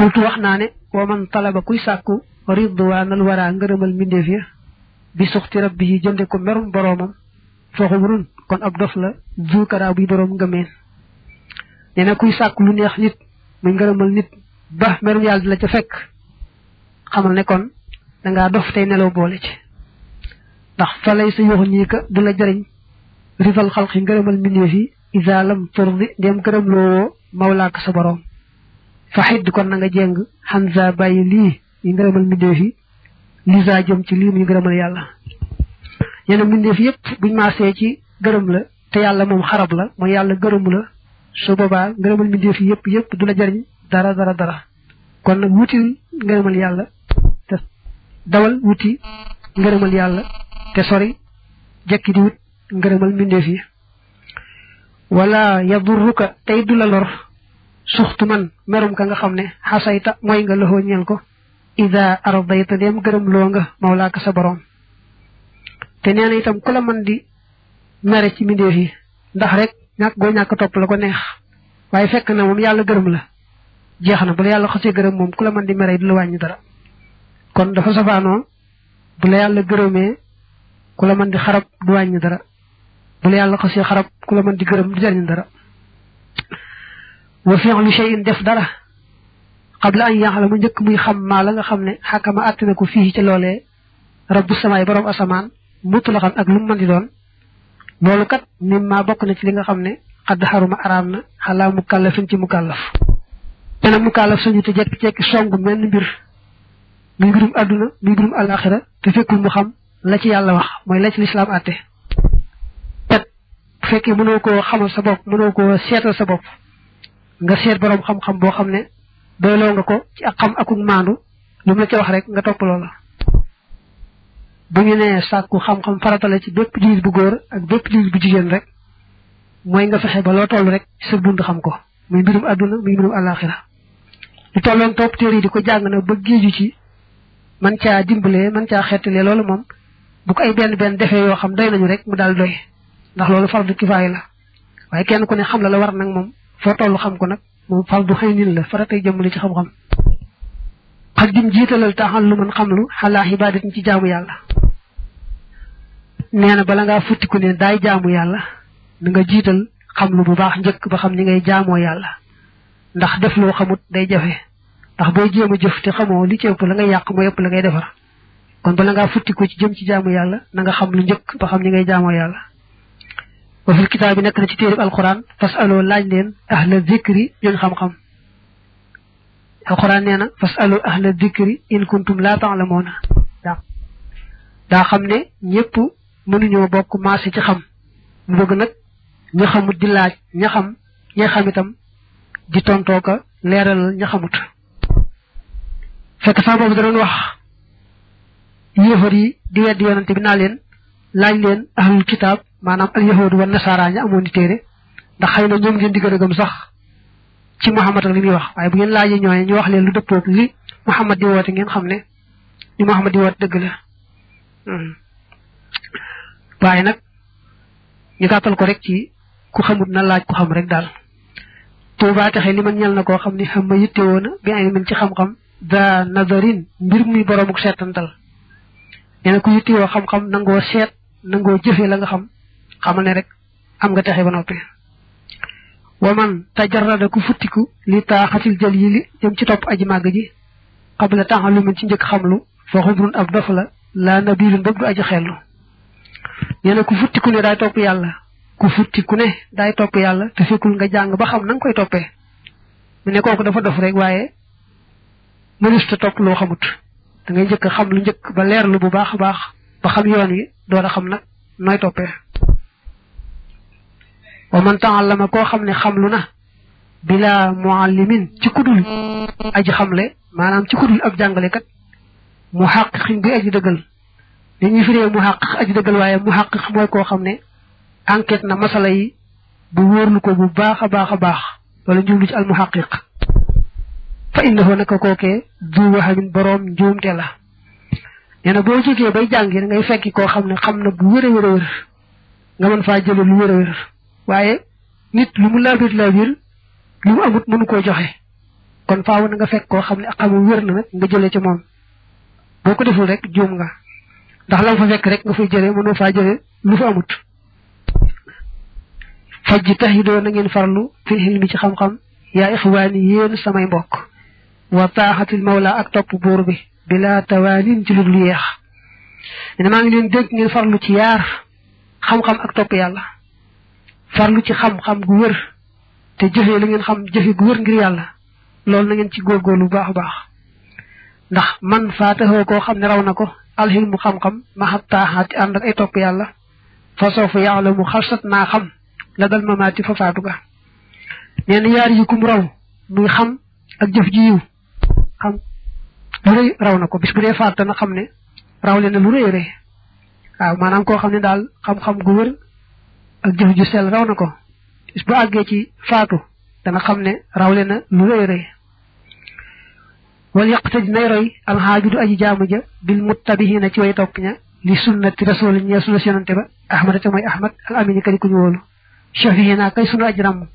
qultu wax naa ne wa man talaba kuy sàkku ridwaanal waraa ngërëmal mbindeef ya bi rab bi yi jënde ko merum boroomam faxumrun kon ab dof la zukaraa buy boroom ngëmeen nee kuy sàkku lu neex nit muy ngërëmal nit ba merum yàlla di la ca fekk xamal ne kon danga dof tey nelaw boole ci ndax fa lay sa yoxu ñii ka du la jëriñ rifal xalqi ngërëmal mbindeef yi isa lam turdi ndem gërëm loowoo mawlaaka sa boroom faxid kon na nga jéng xanza bàyyi lii ñu ngërëmal mbindeef lisa jëm ci lii muy ngërëmal yàlla ñeneen mbindeef yëpp buñ maasee ci gërëm la te yàlla moom xarab la moo yàlla gërëmu la su boobaa ngërëmal mbindeef yëpp yëpp du la jariñ dara dara dara kon nag wuti ngërëmal yàlla te dawal wuti ngërëmal yàlla sori jekki di wut ngërëmal mbindeef yi wala tey du la lor suxtu man merum ka nga xam ne xasayta mooy nga loxoo ñeel ko ida ardayta dem gërëm loo nga sa borom te nee itam ku la mën di mere ci mbindéef yi ndax rek ñàkk goo ñàkk topp la ko neex waaye fekk na moom yàlla gërëm la jeex na bu la yàlla xasee gërëm moom ku la man di mere du la wàññi dara kon dafa safaanoo bu la yàlla gërëmee ku la mën di xarab du wàññi dara bu la yàlla xasee xarab ku la mën di gërëm du jariñ dara wa fi'lu shay'in def dara qabla an ya'lama njëkk muy xam maa la nga xam ne xakama àtt na ko fii ci loolee rabu samaay borom asamaan mutlaqan ak lu mu mën di doon loolu kat mimma bokk na ci li nga xam ne xadd xaruma araam na xalaa mukallafin ci mukallaf dana mukallaf sañu te jekki-jekki song menn mbir muy mbirum àdduna muy mbirum alaxira te fekkul mu xam la ci yàlla wax mooy la ci lislaam àtte bu fekkee mënoo koo xamal sa bopp mënoo koo seetal sa bopp nga seet boroom xam-xam boo xam ne doyloo nga ko ci ak xam akuk maandu lu mu la wax rek nga topp loola bu ñu nee sàkku xam-xam faratale ci bépp diir bu góor ak bépp diir bu jigéen rek mooy nga fexe ba loo toll rek ci sa xam ko muy mbirum àdduna muy mbirum àllaaxira lu tolloon topp téere yi di ko jàng na ba géeju ci man caa dimbalee man caa xettalee loolu moom bu ko ay benn benn defee yoo xam doy nañu rek mu daal doy ndax loolu fardu kifaaya la waaye kenn ku ne xam la la war nag moom fa toll xam ko nag moom fardu xëy nin la faratay jëmmali ci xam-xam xaj gim jiitalal taaxal lu mën xam lu xalaa xibaadatin ci jaamu yàlla na bala ngaa futtiku ne daay jaamu yàlla na nga jiital xam lu bu baax njëkk ba xam ni ngay jaamoo yàlla ndax def loo xamut day jafe ndax boo jéem a jëf te xamoo li ci ëpp la ngay yàq mooy yëpp la ngay defar kon bala ngaa futtiku ci jëm ci jaamu yàlla na nga xam lu njëkk ba xam ni ngay jaamoo yàlla wa fil kitaab bi nekk na ci téereb alquran fas aloo laaj leen a zikri ñooñ xam-xam alquran nee na fas aloo ahla zikri in kuntum laa la ta'lamuuna daa xam ne ñëpp mënuñoo bokk maase ci xam mu bëgg nag ña di laaj ña xam ña di tontoo ko leeralal ña xamut fekk sax boobu da wax yéefar yi di weddi yonante bi naa leen laaj leen ahlul kitaab maanaam al yahuud wa nasaara ña amoon i téere ndax xëy na ñoom ngeen di gën sax ci Muhammad ak li muy wax waaye bu ngeen laajee ñooñu ñu wax leen lu dëppoog li Muhammad di woote ngeen xam ne li Muhammad dëgg la hmm. nag ñu gàttal ko rek ci ku xamut na laaj ku xam rek daal Tuubaa taxe li man ñel na koo xam ne xam ma yitte woona bi ay ci xam-xam da nazarin mbir muy boroomuk seetantal nee na ku yitte yoo xam-xam nangoo seet nangoo jëfe la nga xam xamal ne rek am nga texe ba noppe wa man tajarrada ku futtiku li taaxatil jël yi li jëm ci topp aji màgg ji xabla taxalumin ci njëkk xamlu fa xumrun ab dof la laa nabiirun bëgg du aji xellu nee na ku futtiku ne daay topp yàlla ku futtiku ne daay topp yàlla te fekkul nga jàng ba xam na koy toppee mu ne kooku dafa dof rek waaye mënusta topp loo xamut da ngay njëkk xam lu njëkk ba leer leerlu bu baax a baax ba xam yoon wi door a xam na nooy toppe o man taallama koo xam ne xamlu na bila muallimin ci kudul aji xamle maanaam ci kudul ab jàngalekat mu xàqiqin bi aji dëggal dañuy firee mu xàqiq aji waaye mu mooy koo xam ne enquête na masala yi bu wóorlu ko bu baax a baax a baax wala jublu ci al mu xàqiq na innahu naka kookee du waxamin boroom njuumte la nee na boo jógee bay jàngi ngay fekki koo xam ne xam na bu wër a wér a wér nga mën faa jële lu wér a wér waaye nit lu mu laabir laabir lu mu amut mënu koo joxe kon faaw na nga fekk koo xam ne ak xamu wér na nag nga jëlee ca moom boo ko deful rek juum nga ndax la nga fa fekk rek nga fay jëlee mënoo faa jëlee lu fa amut faj ji tax yi doo na ngeen farlu fi xilmi ci xam-xam yaa ixwaani yéen samay mbokk wa taaxatil mawla ak topp buur bi bila tawaanin ci lu yeex ne maa ngi leen dégg ngeen farlu ci yaar xam-xam ak topp yàlla farlu ci xam-xam gu wër te jëfee la ngeen xam jëfe gu wër ngir yàlla loolu na ngeen ci góorgóorlu bu baax a baax ndax man faataxoo koo xam ne raw na ko alxilmu xam-xam maxat taaxaati ànd ak ay topp yàlla fa soo fa yàlla mu xarsat naa xam la dal mamaati fa faatu ga nee na yaar yi raw muy xam ak jëf ji yiw xam lu rëy raw na ko bis bu dee faata na xam ne raw leen lu rëy rëy waaw maanaam koo xam ne daal xam-xam gu wër ak jëf ju sell raw na ko bis àggee ci faatu dana xam ne rawle na lu rëy rëy wal yaqtëj nay roy alxaajudu aji jaamu ja bil muttabihiina ci way topp ña li sunnati rasuli ñee sunna yonante ba ahmad te mooy ahmad al amini kadi ku ñu wóolu shafiina kay sunu aji ràmm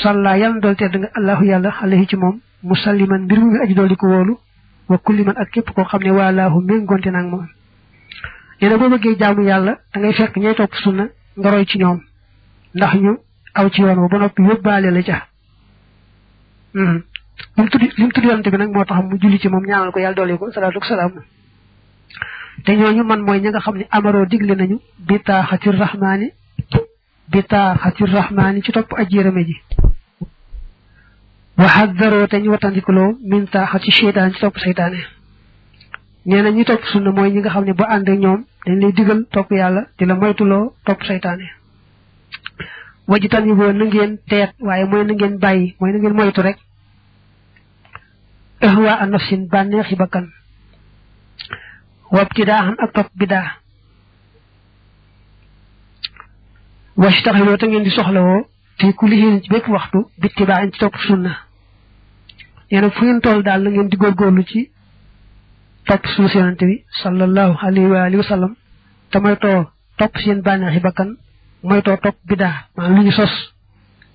salla yàlla na dool tedd nga allahu yàlla alayhi ci moom musalliman mbir mu aji dool di ko wóolu wa kulli ak képp koo xam ne waalaahu méngoonte naag moom nee na boo bëggee jaamu yàlla da ngay fekk ñay topp sunna nga roy ci ñoom ndax ñu aw ci yoon wa ba noppi yóbbaale la ca hmm. li mu tudd li mu tudd nag moo tax mu julli ci moom ñaanal ko yàlla doole ko salaatu salaam te ñooñu man mooy ñi nga xam ne amaroo digle nañu bi taaxatir rahmaani bi taaxatir rahmaani ci topp aj yërëme ji waxaddaroo te ñu wattandikuloo min taaxati seytaane ci topp seytaane nee na ñi topp sunna mooy ñi nga xam ne ba ànd ñoom dañ lay digal topp yàlla di la moytuloo topp saytaane wajitan yi boo na teet waaye mooy na ngeen bàyyi mooy na ngeen moytu rek ihwa an nafsin bànneexi bakkan wabtidaaxan ak topp bidaa wastaxiloo te ngeen di soxlawoo fii ku lixiin ci bépp waxtu bitti baaxin ci topp sunna nee na fu ngeen toll daal na ngeen di góorgóorlu ci topp suñu yonante bi sallallahu alayhi wa alihi wa sallam te moytoo topp seen bànneexi bakkan moytoo topp bidaa maanaam lu ñu sos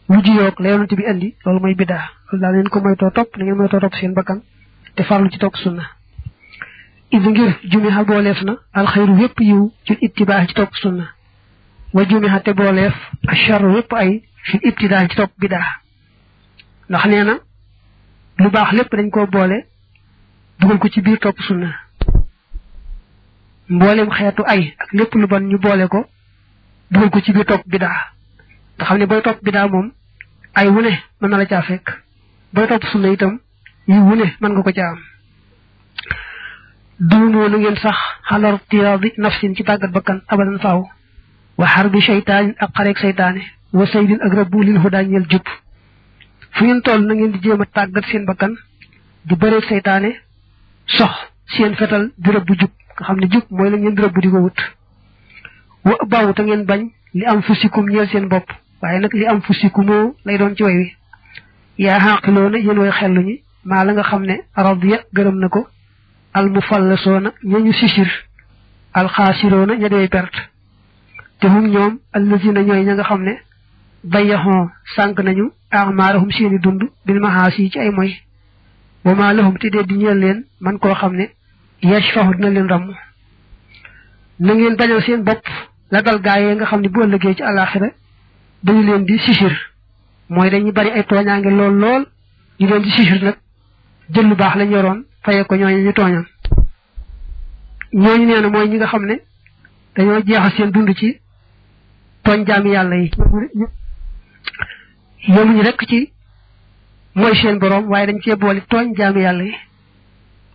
lu jiyoog la yonante bi indi loolu mooy bidaa loolu ko moytoo topp na ngeen seen bakkan te farlu ci topp sunna idi ngir jumiha booleef na alxayru yépp yiw ci ittibaax ci topp sunna wa jumiha te booleef acharru yépp ay fi ibtidaa ci topp bidaa ndax nee na lu baax lépp dañ ko boole dugal ko ci biir topp sunna mboolem xeetu ay ak lépp lu bon ñu boole ko dugal ko ci biir topp bidaa nga xam ne booy topp bidaa moom ay wune mën na la caa fekk booy topp sunna itam yi wune mën nga ko caa du duumoo na ngeen sax xalor tiraadi nafsin ci tàggat bakkan abadan faaw wa xarbi seytaanin ak xareeg seytaan wa saydin ak rabbu lil hudaa ñeel fu ngeen toll na ngeen di jéem a tàggat seen bakkan di bëreeg seytaane sox seen fetal di rëbb jub nga xam ne jub mooy la ngeen di rëbb di ko wut wa baaw te ngeen bañ li am fusikum ñeel seen bopp waaye nag li am fusikumoo lay doon ci way wi yaa xàqiloona yéen way xellu ñi maa la nga xam ne radiya gërëm na ko al mufallasoona ña ñu sisir al xaasiroona ña dey perte te hum ñoom allazina ñooy ña nga xam ne bañ bayaxoo sànq nañu amaarahum seeni dund bi bil maxaasi ci ay moy wa maa lahum te dee di leen man koo xam ne yashfahu dina leen ràmm na ngeen dañal seen bopp la dal gaayee nga xam ne boo ëllëgee ci àllaaxira dañu leen di sisir mooy dañuy bari ay tooñaange lool lool ñu leen di sisir nag jël lu baax lañ yoroon fayee ko ñooñu ñu tooñal ñooñu nee mooy ñi nga xam ne dañoo jeexal seen dund ci tooñ jaami yàlla yi yemuñu rekk mooy seen borom waaye dañ cee boole tooñ jaami yàlla yi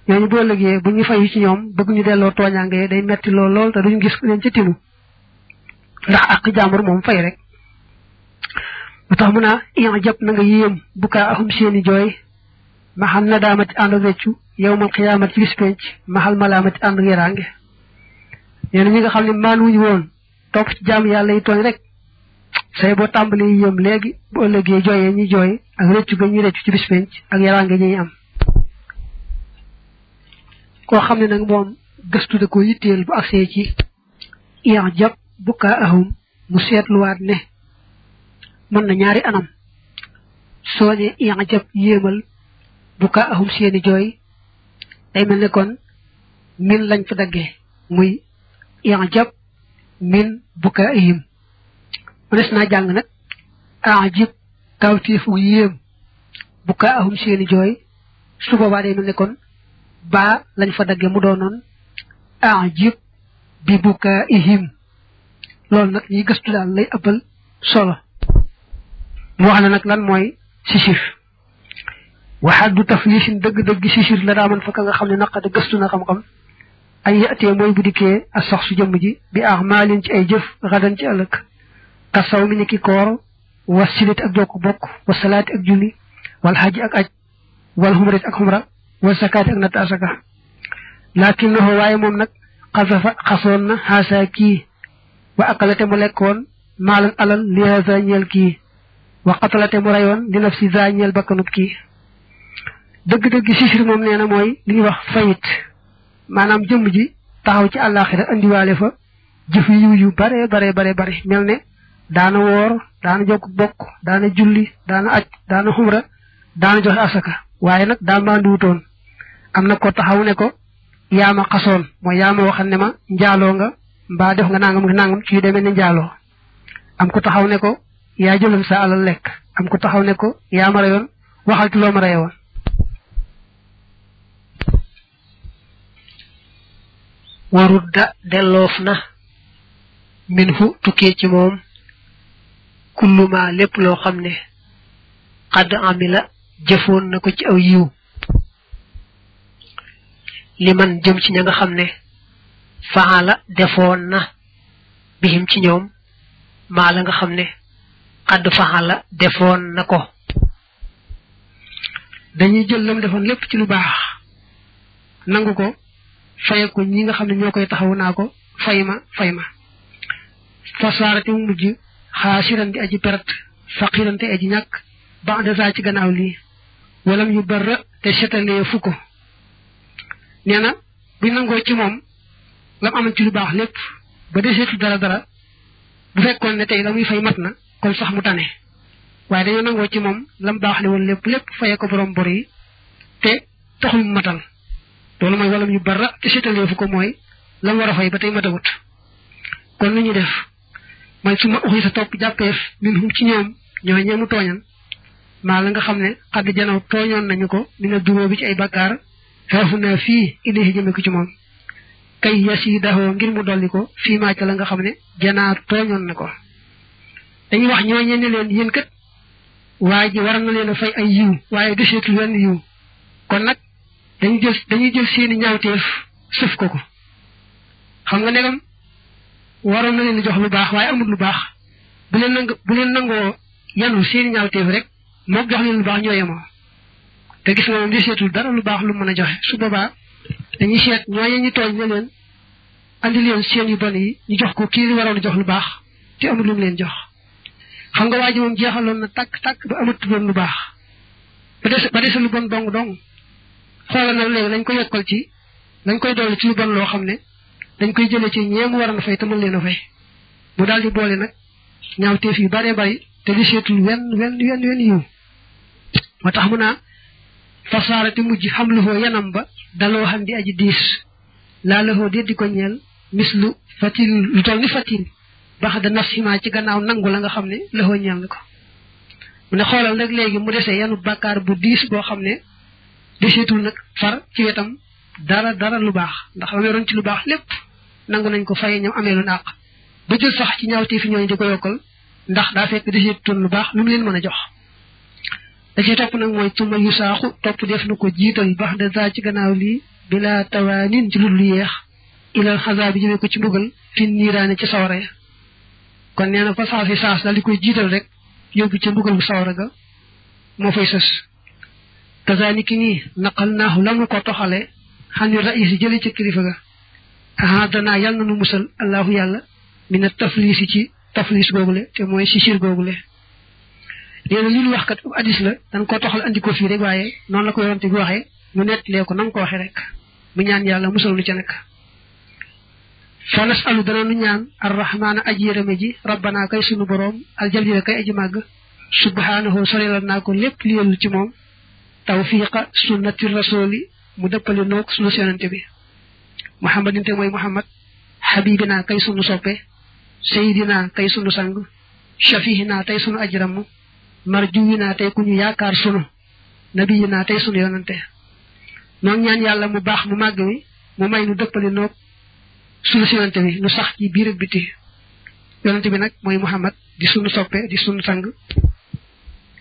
ñooñu boo lëgee bu ñu fayu ci ñoom bëgg ñu delloo tooñaange yi day metti lool lool te duñu gis ku leen ci timu ndax ak jàmbur moom fay rek lu tax mun a ian jëpp na nga yéem buka kaa axum seeni jooy maxal na daamati ànd ak reccu yow mal xiyaamat ci bis penc maxal malaamati ànd ak yaraange nee ñi nga xam ne maan wuñu woon topp ci jaam yàlla yi tooñ rek say boo tàmbalee yëm léegi bu ëllëgee jooyee ñi jooy ak rëccu ga ñuy rëccu ak yaraange ñi am koo xam ne nag moom gëstu da ko yitteel bu agsee ci yan seetluwaat ne mën na ñaari anam soo ne yan jàpp yéemal bukkaa ahum seeni jooy day mel ne kon min lañ fa dagge muy yan jàpp min bukkaa ahim mënees naa jàng nag ajib kawtiif mu yéem bu kaa ahum seeni jooy su boobaa day mel ne kon baa lañ fa dagge mu doonoon ajib bi bu kaa ihim loolu nag ñiy gëstu daal lay ëppal solo mu wax na nag lan mooy du waxaddu taflisin dëgg-dëgg sisif la daa man fa ka nga xam ne naqada gëstu na xam-xam ay yatee mooy bu dikkee ak sax su jëmm ji bi aamalin ci ay jëf xadan ci ëllëg kasaw mi ni ki koor wa silati ak jokk bokk was salaati ak julli wala xaaji ak aj wal xumrati ak xumra wal sakaati ak natta asaka laakin loxo waaye moom nag xasafa xasoon na xaasa kii wa akalate mu lekkoon maalan alal li haasa ñeel kii wa qatalate mu rayoon li nafsi za ñeel bakkanub kii dëgg-dëgg sisir moom nee na mooy li ñuy wax fayit maanaam jëmm ji taxaw ci àllaaxira indiwaale fa jëf yu yu bare bare bare bare mel ne daana woor daana jokk bokk daana julli daana aj daana xumra daana joxe asaka waaye nag daa maanduwutoon am na ko taxaw ne ko yaama xasoon mooy yaama waxal ne ma njaaloo nga mba def nga nangam nga nangam ci yu demee ne njaaloo am ko taxaw ne ko yaa jëloon sa alal lekk am ko taxaw ne ko yaa ma reyoon waxal ci loo ma reyoon warudda na min fu tukkee ci moom kulluma lépp loo xam ne xadd amila jëfoon na ko ci aw yiw li man jëm ci ña nga xam ne faala defoon na bihim ci ñoom maa la nga xam ne xadd faala defoon na ko dañuy jël lam defoon lépp ci lu baax nangu ko faye ko ñi nga xam ne ñoo koy taxawu naa ko fay ma fay ma fasaarati mu mujj xaasiran di aji perte faqiran te aji ñàkk ba'da saa ci gannaaw lii walam yu barra te setalee fu ko nee na bu nangoo ci moom lam amoon ci lu baax lépp ba deseetu dara dara bu fekkoon ne tey la muy mat na kon sax mu tane waaye dañoo nangoo ci moom lam baax le woon lépp lépp fayee ko borom bor yi te taxul mu matal loolu mooy walam yu barra te setalee fu ko mooy lam war fay ba tey matagut kon lu ñu def mooy su ma uxi sa topp jàppeef min hum ci ñoom ñoo ñeemu tooñan maa la nga xam ne xadd janaw tooñoon nañu ko dina duróo bi ci ay bàkkaar xeexuna fii ilayhi jëme ko ci moom kay yasidaxoo ngir mu dolli ko fi maa ca la nga xam ne janaa tooñoon na ko dañuy wax ñooñe ne leen yéen kat waa ji war na leen a ay yiw waaye du seetul wenn yiw kon nag dañu jël dañuy jël seeni ñaawteef sëf ko ko xam nga negam waroon na leen jox lu baax waaye amul lu baax bu leen nang bu leen nangoo yanu seeni ñaawteef rek moog jox leen lu baax ñoo yemoo te gis nga moom di seetul dara lu baax lu mën a joxe su boobaa dañuy seet ñooñu ñu tooñ ne leen andi leen seen yu bon yi ñu jox ko kii li waroon a jox lu baax te amul leen jox xam nga waa ji moom jeexaloon na takk tàkk ba amatuloon lu baax ba des ba lu bon dong dong xoolal nag léegi lañ ko yokkal ci dañ koy dolli ci lu bon loo xam ne. dañ koy jëlee ci ñee mu waroon fay te mën leen a fay mu daal di boole nag ñaawteef yu baree bari te li seetul wenn wenn wenn wenn yiw moo tax mu naa fasaara te mujj xam lu foo yanam ba daloo xam di aji diis laa la foo di ko ñeel mis lu fatin lu toll ni fatin baax da nafsima ci gannaaw nangu la nga xam ne la foo ñeel na ko mu ne xoolal nag léegi mu desee yanu bàkkaar bu diis boo xam ne deseetul nag far ci wetam dara dara lu baax ndax la yoroon ci lu baax lépp nangu nañ ko fay ñoom amee lu naq ba jël sax ci ñaawtee fi ñooñu di ko yokkal ndax daa fekk da ciy tun lu baax lu mu leen mën a jox da ciy topp nag mooy tuma yu saaxu topp def na ko jiital baax de za ci gannaaw lii bila tawaanin ci lu lu yeex ilal xasaa bi jëmee ko ci mbugal fi niiraane ci sawara ya kon nee na fa saa fi saas daal di koy jiital rek yóbbu ci mbugal bu sawara ga moo fay sës kasaani ki nii naqal naaxu la mu ko toxale xam ni raïs jële ca kilifa ga ahadana yal na nu musal allahu yàlla mina tafliisi ci tafliis googule te mooy sisir googule nee na li wax kat ab addis la dañ koo toxal andi ko fii rek waaye noonu la ko yonte bi waxee mu lee ko nam ko waxee rek mu ñaan yàlla musal nu ca nag fa nasalu dana nu ñaan arrahmaana aji yërëme ji rabbana kay sunu al aljalila kay aji màgg subhanahu sorelal naa ko lépp li yellu ci moom tawfiqa sunnati rasuli mu dëppale noog sunu senante bi muhammadin te mooy muhammad habibina kay sunu soppe sayidina kay sunu sang shafihina tey sunu ajramu marjuwina tey ku ñu yaakaar sunu nabiyina tey sunu yonante noonu ñaan yàlla mu baax mu màgg wi mu may nu dëppale noog sunu si yonante bi nu sax ci biir ak biti yonante bi nag mooy muhammad di sunu soppe di sunu sang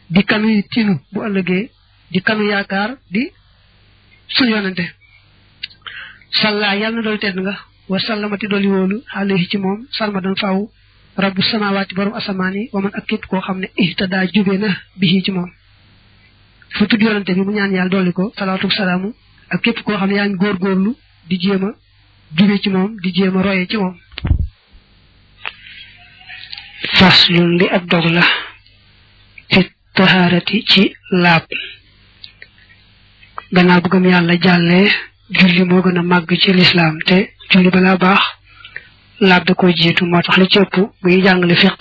di kanuy tinu bu ëllëgee di kanu yaakaar di sunu yonante salla yàlla na doolu tedd nga wa sallamati dooli wóolu alayhi ci moom sarmadan faw rabbu samawaati borom asamaan yi waman ak képp koo xam ne ihtada jube na bihi ci moom fu tudd yonante bi mu ñaan yàlla dolli ko salaatu salaamu ak képp koo xam ne yaa ngi góorgóorlu di jéem a jube ci moom di jéem a roye ci moom faslun li ab dog la fi ci laab gannaaw bu yàlla jàllee julli moo gën a màgg ci lislaam te julli balaa baax laab da koy jiitu moo tax li ci ëpp buy jàngale fiq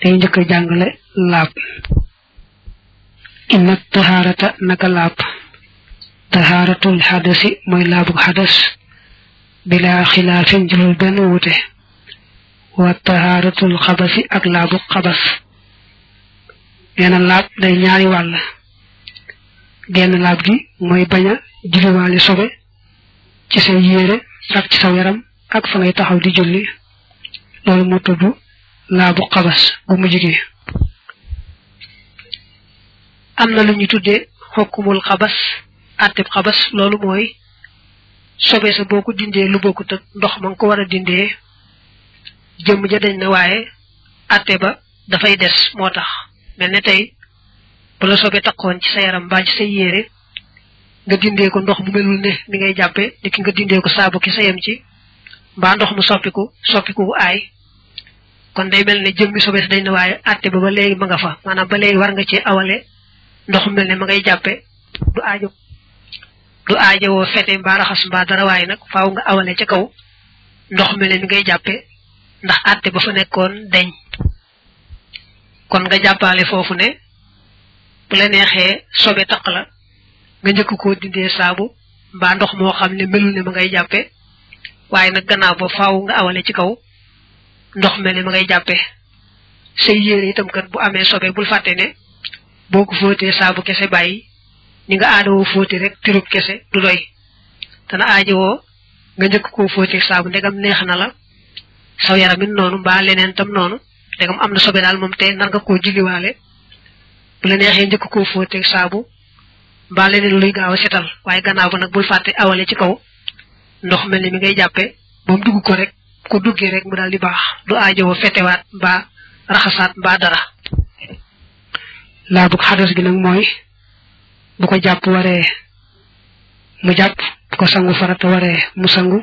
day njëkk a jàngale laab inna taxaarata naka laab taxaaratul xadasi mooy laabu xadas bilaa xilaafin jëlul benn wuute wa taxaaratul xabasi ak laabu xabas nee laab day ñaari wàll genn laab gi mooy bañ a juddiwaale sobe ci say yére ak ci sa yaram ak fa ngay taxaw di julli loolu moo tudd laabu xabas bu mujj gi am na lu ñu tuddee xokkumul xabas àtteb xabas loolu mooy sobe sa boo ko dindee lu bokkut ak ndox ma nga ko war a dindee jëmm ja dañ ne waaye àtte ba dafay des moo tax mel ne tey bu la soobee takkoon ci sa yaram mbaa ci sa yére nga dindee ko ndox mu melul ne mi ngay jàppe ni ki nga dindee ko saabu ki sa yem ci mbaa ndox mu soppiku soppiku bu aay kon day mel ne jëmmi sobe si dañ ne waaye àtte ba ba léegi ma nga fa maanaam ba léegi war nga ci awale ndox mu mel ne ma ngay jàppe du aajo du aajowoo fete mbaa raxas mbaa dara waaye nag faw nga awale ca kaw ndox mel ne ngay jàppe ndax àtte ba fa nekkoon deñ kon nga jàppale foofu ne bu la neexee sobe taq la nga njëkk koo dindee saabu mbaa ndox moo xam ne melul ne ma ngay jàppe waaye nag gannaaw ba faaw nga awale ci kaw ndox mel ne ma ngay jàppe say yére itam kat bu amee sobe bul fàtte ne boo ko fóotee saabu kese bàyyi ni nga aadawoo fóoti rek tirub kese du doy dana aajowoo nga njëkk koo fóoti saabu ndegam neex na la saw yaramit noonu mbaa leneen tam noonu ndegam am na sobe daal moom tey nar nga koo julliwaale bu la neexee njëkk koo fóoteeg saabu mbaa leneen luy gaaw a setal waaye gannaaw ba nag bul fàtte awale ci kaw ndox mel ni mi ngay jàppe moom dugg ko rek ku duggee rek mu daal di baax du aajowoo fetewaat mbaa raxasaat mbaa dara laa bug xadas gi nag mooy bu ko jàpp waree mu jàpp bu ko sangu farata mu sangu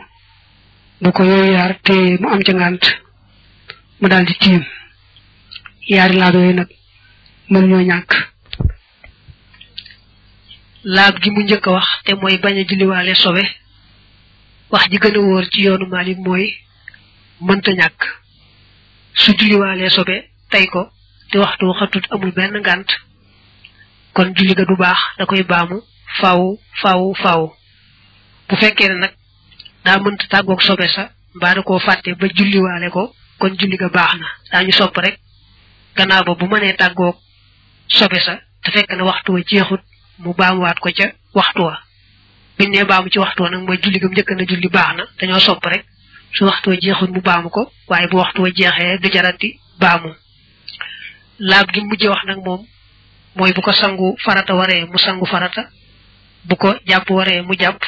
bu ko yooyu yaar téye mu am ca ngànt mu daal di tiim yaari laab yooyu nag mën ñoo ñàkk laab gi mu njëkk a wax te mooy bañ a julliwaale sobe wax ji gën a wóor ci yoonu Maalik mooy mënta ñàkk su julliwaale sobe tey ko te waxtu waxatut amul benn ngànt kon julli ga du baax da koy baamu faaw faw faaw bu fekkee ne nag daa mënta tàggoog sobe sax mbaa da koo fàtte ba julliwaale ko kon julli ga baax na daañu sopp rek gannaaw ba bu mënee tàggoog sobe sa te fekk na waxtu wa jeexut mu baamuwaat ko ca waxtu wa biñ ne baamu ci waxtu wa nag mooy julli gam njëkk na julli baax na dañoo sob rek su waxtu wa jeexut mu baamu ko waaye bu waxtu wa jeexee du jarati baamu laab gi mujjee wax nag moom mooy bu ko sangu farata waree mu sangu farata bu ko jàpp waree mu jàpp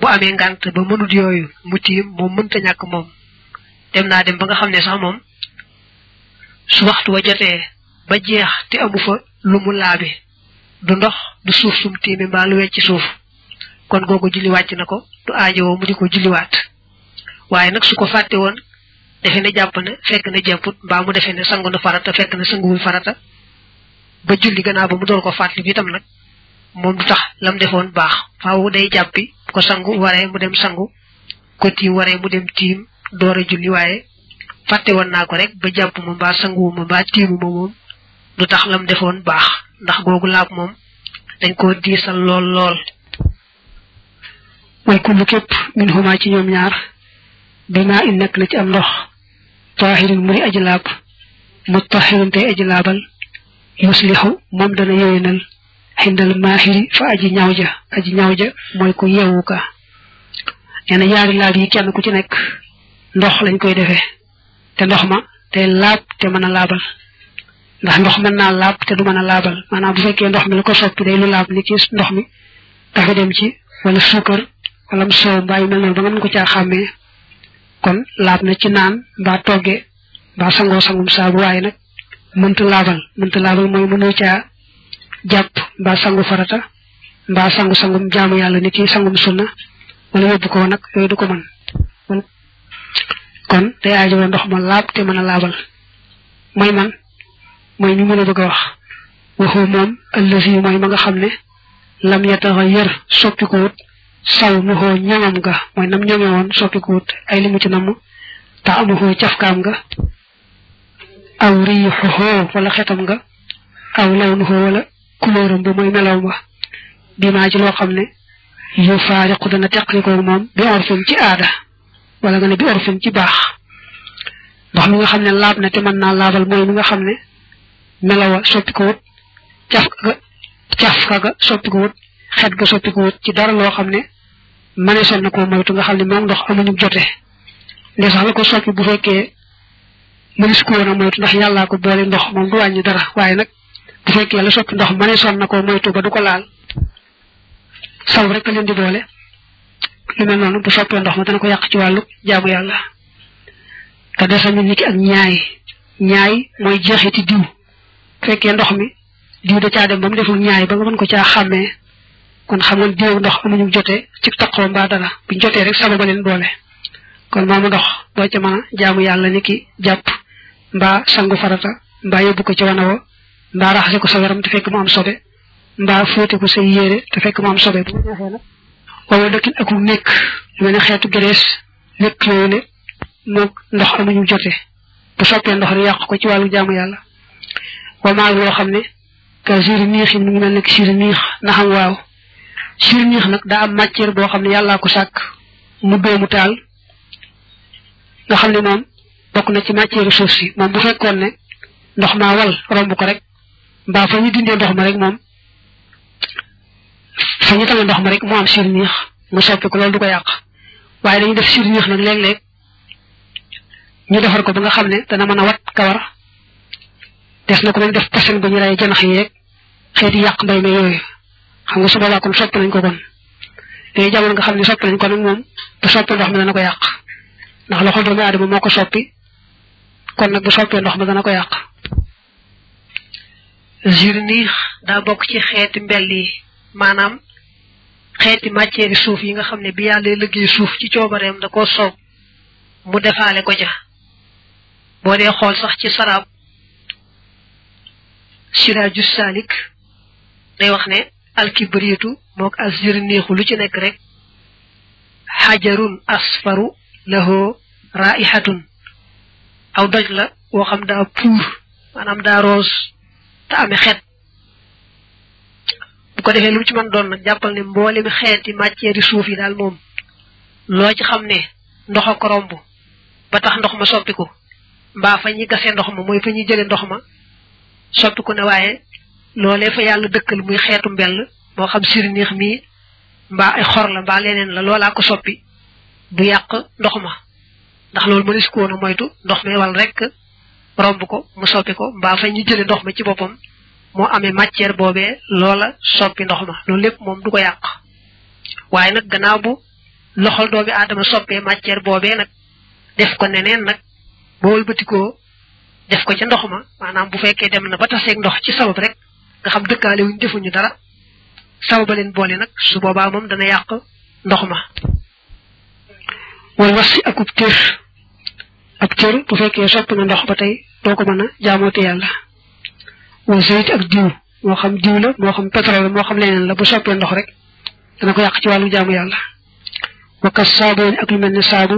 bu amee ngànt ba mënut yooyu mu tiim moom mënta ñàkk moom dem naa dem ba nga xam ne sax moom su waxtu wa jotee ba jeex te amu fa lu mu laabe du ndox du suuf sum tiimi mbaa lu wecc suuf kon googu julli wàcc na ko du aajowoo mu di ko julliwaat waaye nag su ko fàtte woon defe ne jàpp na fekk na jàpput mbaa mu defe ne sangu na farata fekk na sangu sanguwul farata ba julli gannaaw ba mu door ko fàttali bi itam nag moom du tax lam defoon baax faaw day jàppi ko sangu waree mu dem sangu ko tiim waree mu dem tiim door a julli waaye fàtte woon naa ko rek ba jàpp ma mbaa sanguwuma mbaa tiimu ma moom du tax lam defoon baax ndax googu laab moom dañ koo diisal lool lool way kullu képp min huma ci ñoom ñaar bi maa in nekk la ci am ndox taahirin muri aji laab mutahirun tey aji laabal yuslihu moom dana yowénal xindal maahiri fa aji ñaaw ja aji ñaaw ja mooy ku yeewu ka nee na yaari laab yi kenn ku ci nekk ndox lañ koy defee te ndox ma te laab te mën a laabal ndax ndox mën naa laab te du mën a laabal maanaam bu fekkee ndox mi lu ko soppi day lu laab li ci ndox mi dafa dem ci wala suukar wala soow mbaa yu mel noonu ba nga ko caa xàmmee kon laab ci naan mbaa togge mbaa sangoo sangum saabu nag mënta laabal mënta laabal mooy mënoo caa jàpp mbaa sangu farata mbaa sangu sangum jaamu yàlla ni ki sangum sunna wala yóbbu ko nag yooyu du ko mën kon day aajowoo ndox ma laab te mën a laabal mooy man mooy mi mu la bëgg a wax waxu moom allazi mooy ma nga xam ne lam yataxayyar soppiku wut saw mu xoo ñamam nga mooy nam ñame woon soppiku wut ay li mu ci namm ta amu xoo cafkaam nga aw riixu xoo wala xetam nga aw law nu xoo wala kulóoram ba mooy melaw ma bi maa ci loo xam ne yu faariqu dana teqlikoo moom bi orfin ci aada wala nga ne bi orfin ci baax ndax mi nga xam ne laab na te mën naa laabal mooy mi nga xam ne melawa soppi ko wut caf ka caf ka ga soppi ko wut ci dara loo xam ne mëneesoon na koo moytu nga xam ne moom ndox amuñu jote nde sax la ko soppi bu fekkee mënees ko woon a moytu ndax yàllaa ko boole ndox moom du wàññi dara waaye nag bu fekkee la soppi ndox mëneesoon na koo moytu ba du ko laal saw rek a leen di boole lu mel noonu bu soppee ndox ma dana ko yàq ci wàllu jaamu yàlla te desamit ni ki ak ñaay ñaay mooy jeexiti diw fekkee ndox mi diw da caa dem ba ñaay ba nga mën ko caa xàmmee kon xam nga diw ndox amuñu jote ci taqoo mbaa dara buñ jotee rek sababa leen boole kon moomu ndox doo ca mën a jaamu yàlla ni ki jàpp mbaa sangu farata mbaa yóbbu ko ci wanawo mbaa raxase ko sa yaram te fekk mu am sobe mbaa fóote ko say yére te fekk mu am sobe bu neexee nag wala dëkkin aku nekk lu mel xeetu gerees nekk yooyu ne moog ndox amuñu jotee bu soppee ndox rek yàq ko ci wàllu jaamu yàlla waa wamaag loo xam ne ka jirniix yi mu ngi mel ne jirniix na xam waaw jirniix nag daa am matière boo xam ne yàllaa ko sàkk mu doomu taal nga xam ne moom bokk na ci matière suuf si moom bu fekkoon ne ndox maa wal romb ko rek mbaa fa ñu dindee ndox ma rek moom fa ñu tame ndox ma rek mu am jirniix mu soppi ko lool du ko yàq waaye dañuy def jirniix nag léeg-léeg ñu defar ko ba nga xam ne dana mën a wat kawar des na ko nag def pasen bu ñu rey janax yi rek xeeti yàq mbay mi yooyu xam nga su boobaa kon sopp nañ ko kon léegi jamono nga xam ne sopp nañ ko nag moom bu soppee ndox mi dana ko yàq ndax loxo doomu aadama moo ko soppi kon nag bu soppee ndox mi dana ko yàq zirnix daa bokk ci xeeti mbell yi maanaam xeeti matière suuf yi nga xam ne bi yàlla liggéey suuf ci coobareem da koo soob mu defaale ko ca boo de xool sax ci saraab siraaju salik day wax ne alkibriitu mook azirniixu lu ci nekk rek xajarun asfaru lahoo raaixatun aw doj la woo xam daa puur maanaam daa roos te ame xeet bu ko defee lu mu ci mën doon na jàppal ne mboolem xeeti matière yi suuf yi daal moom loo ci xam ne ndox a ko romb ba tax ndox ma soppiku mbaa fa ñuy gasee ndox ma mooy fa ñuy jële ndox ma soppi ko ne waaye loolee fa yàlla dëkkal muy xeetu mbell moo xam sirniix mi mbaa ay xor la mbaa leneen la loolaa ko soppi bu yàq ndox ma ndax loolu mënees ko woon a moytu ndox mi wal rek romb ko mu soppi ko mbaa fa ñu jëlee ndox ma ci boppam moo amee matière boobee loola soppi ndox ma loolu lépp moom du ko yàq waaye nag gannaaw bu loxol doomi aadama soppe matière boobee nag def ko neneen nag boo wëlbatikoo def ko ca ndox ma maanaam bu fekkee dem na ba taseeg ndox ci sabab rek nga xam dëkkaale wuñ defuñu dara sababa leen boole nag su boobaa moom dana yàq ndox ma wal wasi akub téef ab cër bu fekkee sopp na ndox ba tey doo ko mën a jaamoote yàlla wal sayit ak diw moo xam diw la moo xam pétrole moo xam leneen la bu soppee ndox rek dana koy yàq ci wàllu jaamu yàlla wakkas saabu ak lu mel ne saabu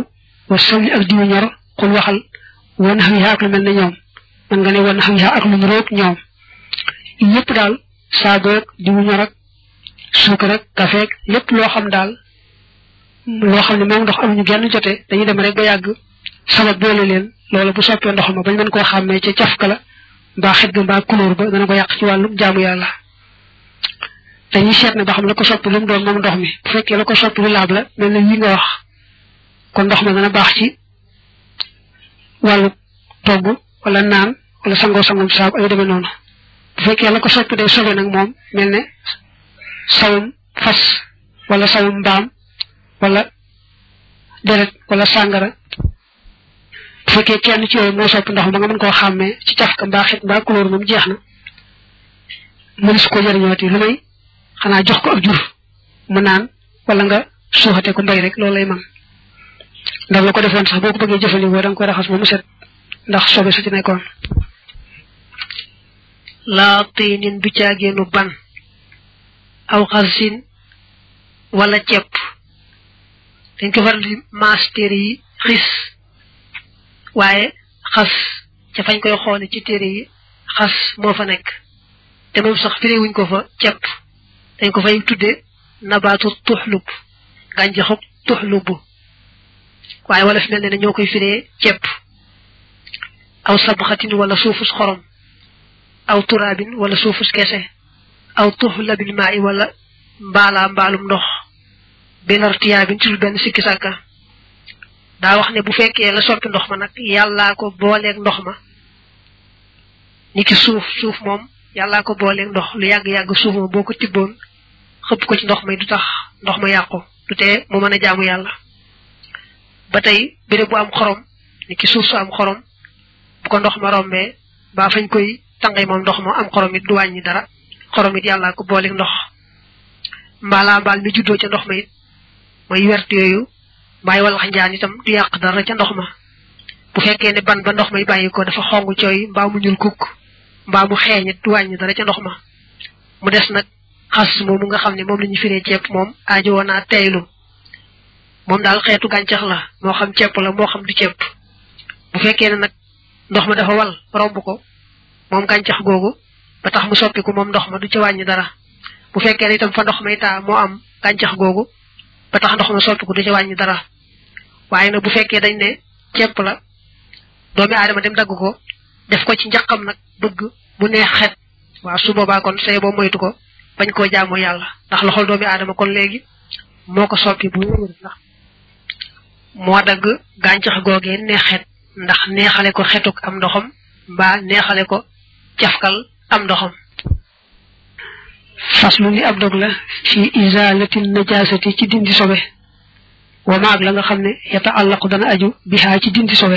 wa sawli ak diw ñor xul waxal wan xëy ak lu mel ne ñoom mën nga ne woon xam yaa ak lu mu ñoom yëpp daal saagoog diwu ñor ak suukar ak kafeeg lépp loo xam daal loo xam ne moom ndox am amuñu genn jote dañuy dem rek ba yàgg sabab boole leen loolu bu soppee ndox ma bañ mën koo xàmmee ca cafka la mbaa xet ga mbaa couleur ba dana ko yàq ci wàllum jaamu yàlla dañuy seet ne ba xam ko soppi lu mu doon mi bu fekkee la ko soppi lu laab la nga wax kon ndox ma dana baax ci wàllu togg wala naan wala sangoo sangam saabu ay demee noonu bu fekkee la ko soppi day sobe nag moom mel ne sawum fas wala sawum mbaam walla deret wala sàngara bu fekkee kenn ci yooyu moo soppi ndox ma nga mën koo xàmmee ci cafka mbaa xet mbaa couleur moom jeex na mënees ko jëriñooti lu may xanaa jox ko ak mu naan wala nga suuxate ko mbay rek loolu lay mën ndax la ko defoon sax boo ko bëggee jëfandikoo da koy raxas ba mu set ndax sobe su ci nekkoon laa tey bu du caageenu ban aw xasin wala cepp dañ ko faral di maas téere yi xis waaye xas ca koy xoole ci téere yi xas moo fa nekk te moom sax firiwuñ ko fa cepp dañ ko fay tudde nabaatu tuxlub gàncaxu tuxlubu waaye wala fi mel ne ñoo koy firee cepp aw sabxatin wala suufus xorom aw turaabin wala suufus kese aw tuxlabin maa i wala mbaalaa mbaalum ndox bilartiyaabin ci lu benn sikki daa wax ne bu fekkee la soppi ndox ma nag yàllaa ko booleek ndox ma ni ki suuf suuf moom yàllaa ko booleeg ndox lu yàgg-yàgg suuf ma boo ko tibboon xëpp ko ci ndox may du tax ndox ma yàqu du tee mu mën a jaamu yàlla ba tey béréb bu am xorom ni ki suuf su am xorom bu ko ndox ma rombee baa fañ koy tàngay moom ndox moo am xorom it du wàññi dara xorom it yàllaa ko booleeg ndox mbaalaa mbaal mi juddoo ca ndox ma it mooy wert yooyu bàyyi walax njaan itam du yàq dara ca ndox ma bu fekkee ne ban ba ndox may bàyyi ko dafa xong cooy mbaa mu ñuul kukk mbaa mu xeeñit du wàññi dara ca ndox ma mu des nag xas moomu nga xam ne moom lañuy ñu firee ceeb moom aajowoo naa teylu moom daal xeetu gàncax la moo xam ceeb la moo xam du ceeb bu fekkee ne nag ndox ma dafa wal romb ko moom gàncax googu ba tax mu soppiku moom ndox ma du ci wàññi dara bu fekkee ne itam fa ndox may moo am gàncax googu ba tax ndox ma soppiku du ci wàññi dara waaye nag bu fekkee dañ ne ceeb la doomi aadama dem dagg ko def ko ci njaqam nag dugg mu neex xet waaw su boobaa kon say boo moytu ko bañ koo jaamoo yàlla ndax loxol doomi aadama kon léegi moo ko soppi bu wér ndax moo dagg gàncax googee neex xet ndax neexale ko xetuk am ndoxam mbaa neexale ko cafkal am ndoxam fas li ab dog la fi izalati najasati ci dindi sobe wa maag la nga xam ne yata àllaqu dana aju bihaa ci dindi sobe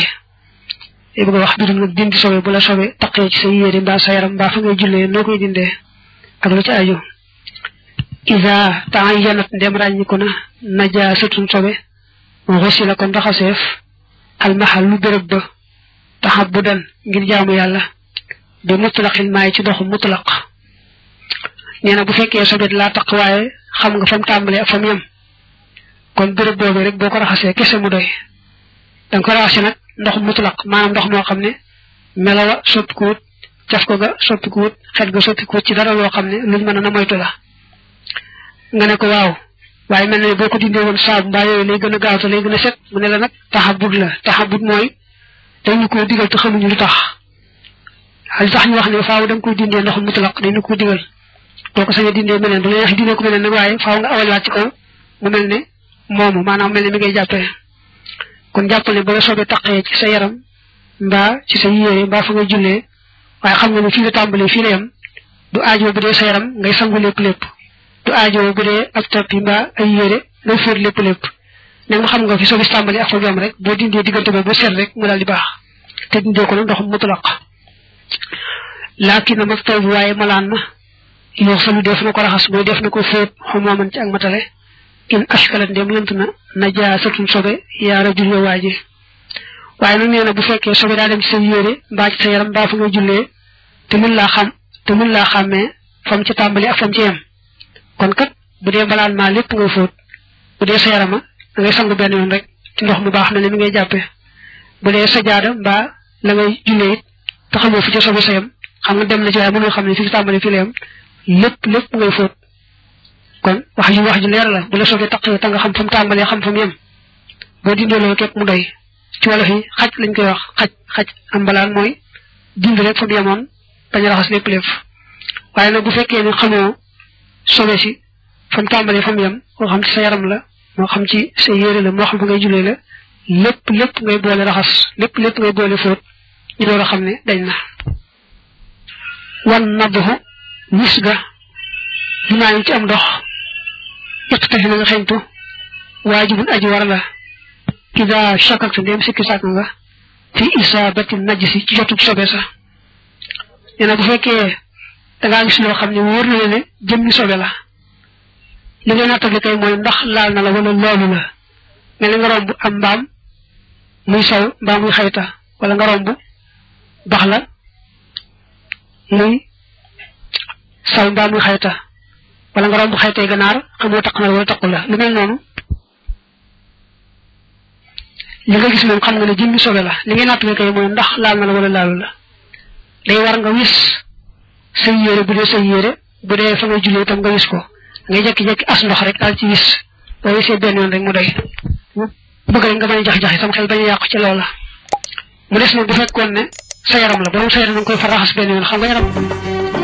day bëgg a wax birum nag dindi sobe bu la sobe taqee ci sa yére mbaa sa yaram mbaa fa ngay jullee noo koy dindee ak la ci aju isa ta'ayyanat ndem ràññi ko na najasatun sobe xosila kon raxaseef almahal lu béréb ba taxabudan ngir jaamu yàlla bi mutlaqin maay ci doxu mutlaq nee na bu fekkee sobet laa taq waaye xam nga fa mu a ak fa mu kon béréb boobu rek boo ko raxasee kese mu doy da nga ko raxasee nag ndox mutlaq maanaam ndox moo xam ne melawa soppikuwut caf ko ga soppikuwut xet ga soppikuwut ci dara loo xam ne luñ mën a na moytu la nga ne ko waaw waaye mel na boo ko dindee woon saabu mbaa yooyu lay gën a gaawte lay gën a set mu ne la nag taxabut la taxabut mooy dañu ko digal te xamuñu lu tax xaj sax ñu wax ne faaw da nga koy dindee ndax mutlaq dañu ko digal boo ko sañee dindee meneen bu la neex dindee ko meneen nag waaye faaw nga awal waat ci ne moomu maanaam mel ngay jàppee kon jàppale ba nga soobee sa yaram ci sa yére mbaa fa nga waaye xam nga ne fii la tàmbalee fii la yem du aajo bu dee sa yaram ngay sangu lépp lépp aajo bu dee ak tappi mbaa ay yére lépp lépp nag mu nga fi soobis tàmbalee ak rek boo dindee diggante boobu boo seet rek mu di baax te dindee ko la ndox mutlaq laakina mag taw bi waaye malaan ma yoo xalu def na ko raxas mooy def na ko fóot xumaaman ci ak matale in askala ndem lënt na najaasatun sobe yaa rajul ya waaje waaye nag nee na bu fekkee sobe daa dem ci sa yére mbaa ci sa yaram mbaa fa nga jullee te mun laa xam te mun laa xàmmee fam ci tàmbali ak fam ca yem kon kat bu dee malaan maa lépp ngay fóot bu dee sa yarama da ngay sangu benn yoon rek ci ndox mu baax na ne mi ngay jàppee bu dee sa jaada mbaa la taxal boo fu ci sobe sayam xam nga dem na ci waaye mënoo xam ne fi mu tàmbalee fi la yam lépp lépp ngay fóot kon wax yu wax ji leer la bu la soobee taqee ta nga xam fa mu tàmbalee xam fa mu boo dindee loolu képp mu doy ci wolof xaj lañ koy wax xaj xaj am balaan mooy dindi rek fa mu yemoon dañu raxas lépp lépp waaye nag bu fekkee ne xamoo sobe si fa mu tàmbalee fa mu yem sa yaram la moo xam ci sa yére la moo xam fa ngay julee la lépp lépp ngay boole raxas lépp lépp ngay boole fóot ñu door a xam ne dañ na wan nabaxu wis ga dinaa yi ci am ndox iqtahi na nga xeñtu waajibun aji war la ida shakakta ndéem sikki sàkk nga fi isaabati najisi ci jotu sobe sax nee na bu fekkee dangaa gis loo xam ne wóor na ne sobe la li nga nattale ndax laal na la wala loolu la mel ni nga romb am mbaam muy saw mbaam muy xayta wala nga romb bax la nam sal daamul xayta wala nga romb xaytay ganaar xamoo taq na wala taqul la lu mel noonu li nga gis moom xam nga ne jëmmi sobe la li ngay nattale kay mooy ndax laal na la wala laalu la day war nga wis sa yére bu dee sa yére bu dee fa ngay jullee tam nga wis ko ngay jekki-jekki as ndox rek daal ci wis boo wisee benn yoon rek mu doy bëgg rek nga bañ a jax-jaxi sam xel bañ a yàqu ci loola mu des na bu fekkoon ne sa yaram la borom sa yaram nga koy fa raxas benn yoon xam nga